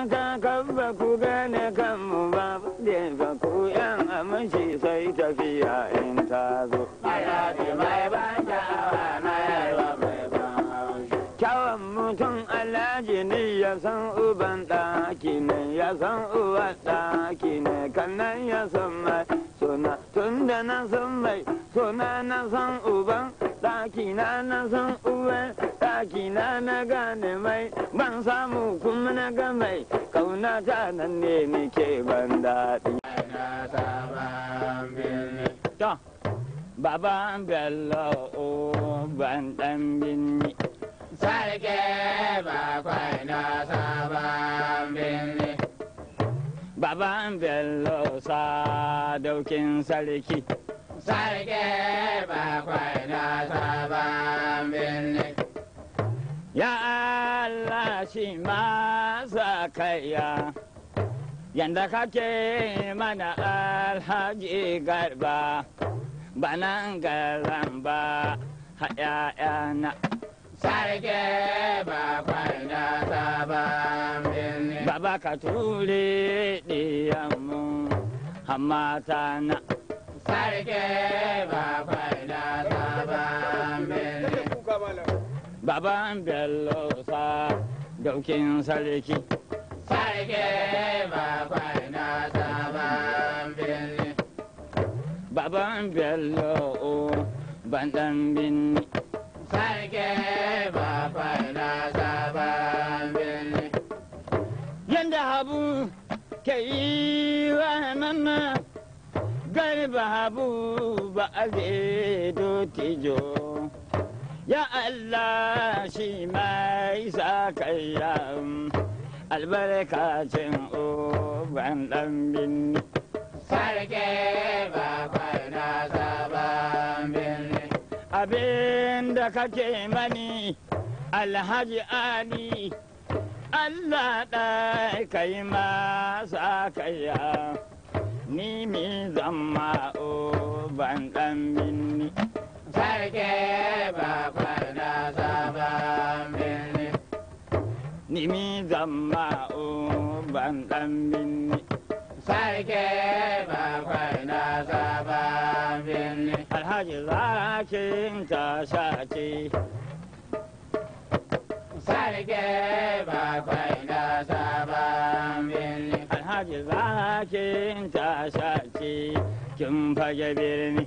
mata kan ba ku gane kanmu ba da ba ku yan aminci sai tafiya in ta zo. mai ban sha'awa na yarwa mai ban Kyawun mutum alhaji ne ya san uban ɗaki ne ya san uwa ɗaki ne kannan ya san mai suna tun da na san mai suna na san uban ɗaki na na san uwan daki na na gane mai ban samu kuma na ga mai kauna ta nan ne nike ban daɗi. Baba Bello ban ɗan binni. Sarki bakwai na sabon binni. Baba Bello sadaukin sarki. Sarki bakwai na sabon binni. masakaya yanda kake mana alhaji garba banangalamba haya'yana sarge bakwaldatabambin baba ka tule diyanmu hammatana sarge bakwaldatabambin baban bellosa daukin sarki. Sarki bakwai na sabon birni. Baban bello o bandan birni. Sarki bakwai na sabon birni. Yanda habu ke yi wa mama garba habu ba a zai dotijo. ya Allah shi mai sakayya albarkacin o dan binni. Sarki bakwai na zaban binni. Abin da kake mani alhaji ani Allah ɗai kai masa kayya ni mi zama o dan binni. sarki babbar da sabon birni. Nimi zama uban ɗan birni. Sarki babbar da sabon birni. Alhaji zakin tasha ce. Sarki babbar da sabon binni. Alhaji zakin tasha ce. Kin fage birni.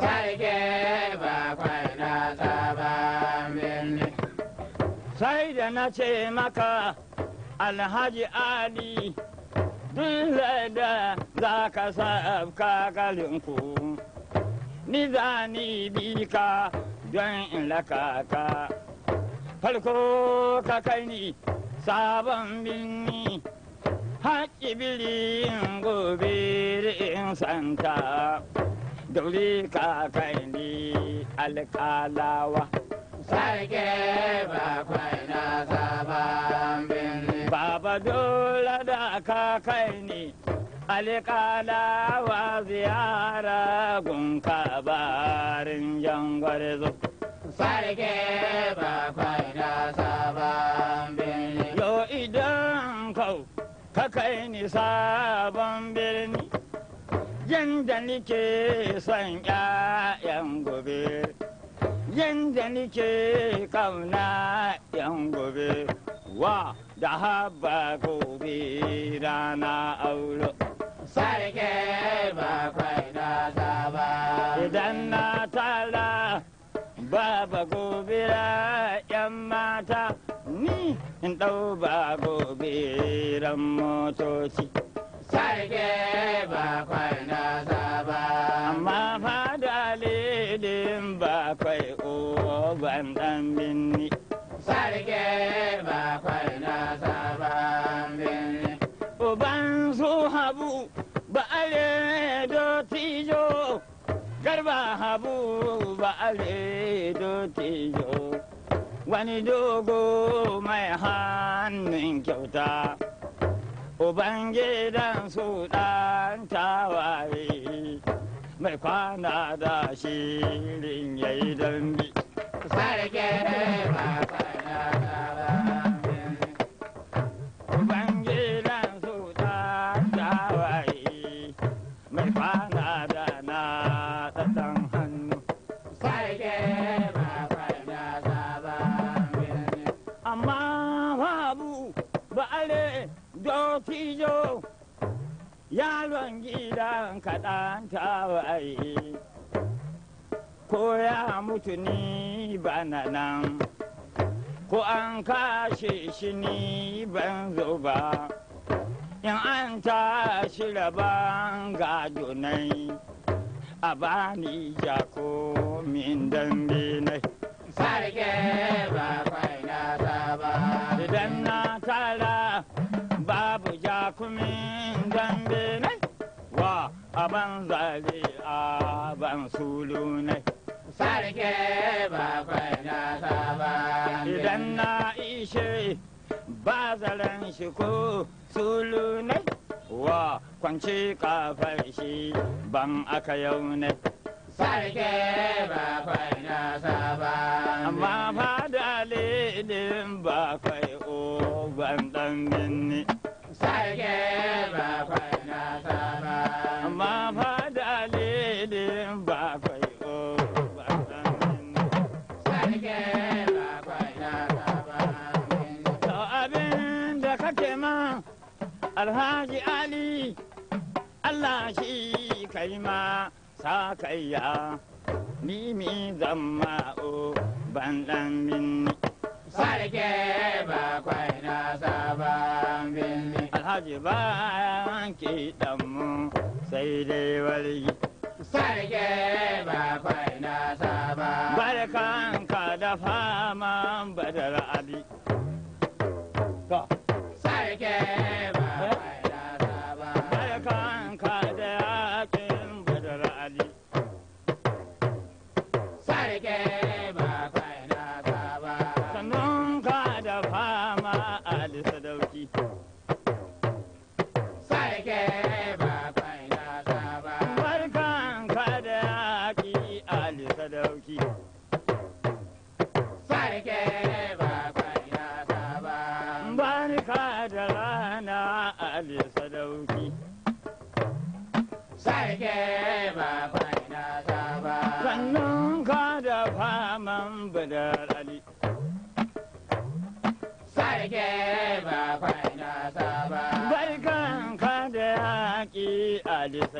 sarki ba kwana sabon birni. Sai da na ce maka Alhaji Ali duk da za ka sabka kalinku, ni za ni bi ka don in laka ka. Farko ka kai ni sabon birni. Haƙi in gobe da in santa. dauri ni alƙalawa. Sarki bakwai na sabon birni. Baba dole da ni alƙalawa ziyara gunka barin jan gwarzo. Sarki bakwai na sabon birni. Yo idan kau kakai ni sabon birni. yanda nike son ƴaƴan gobe yanda nike kauna ƴan gobe wa da haba gobe rana auro sarke ba kwai da zaba idan na tala baba gobe ƴan mata ni in ɗau ba gobe ran motoci sarki ba kwana ba. Amma fa dalilin ba kai oban dan binni. Sarki ba kwana ba binni. Uban su habu ba ale do tijo. Garba habu ba ale do tijo. Wani dogo mai hannun kyauta. Ubangidan su ɗan tawaye mai kwana da shirin ya yi dambi. Sarki ne masu Ubangidan su ɗan tawaye mai kwana da na ɗaɗan hannu. Sarki masu nasa ba Amma babu ba ale Dofijo yaron gidan kaɗan tawaye ko ya mutu ni bana nan ko an kashe shi ni ban zo in an tashi raban gado nai a bani jako min dambe nai sarge ba kwai na saba idan na tara babu jakumin dambe ne wa a ban a ban sulu ne sarki ba kwana saba idan na ishe ba zaren shi ko sulu ne wa kwanci kafar shi ban aka yau ne sarke ba kwana saba amma fada bakwai, ba kai o ban dan idin na abin da kake ma alhaji ali Allah shi kai ma sa kai ya ni mi zamma o ban dan minni sarki ba kwai na sabon alhaji ba yanki mu sai dai wali. sarki bakwai na saba barkan ka da faman badar abi sarki ba. barka da rana ba faina ta sannan ka da faman badar ali sarki ba ta ba barkan ka da yaƙi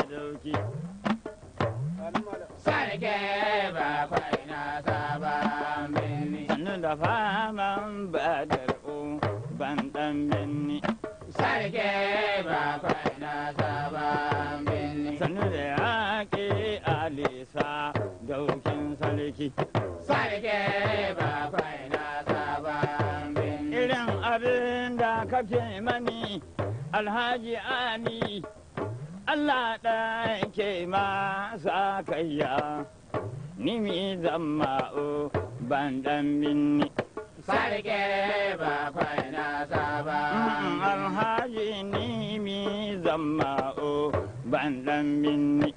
sarki ba ba da faman Ban dan binni. Sarki bakwai na sabon binni. Sanu da yaƙi alisa daukin sarki. Sarki bakwai na sabon binni. Irin abin da kake mani alhaji Ali, Allah ɗan ke masa kayya. Nimi zama o ban dan binni. sarki ba kwai na saba. Mm, alhaji ni mi zama o ban dan minni.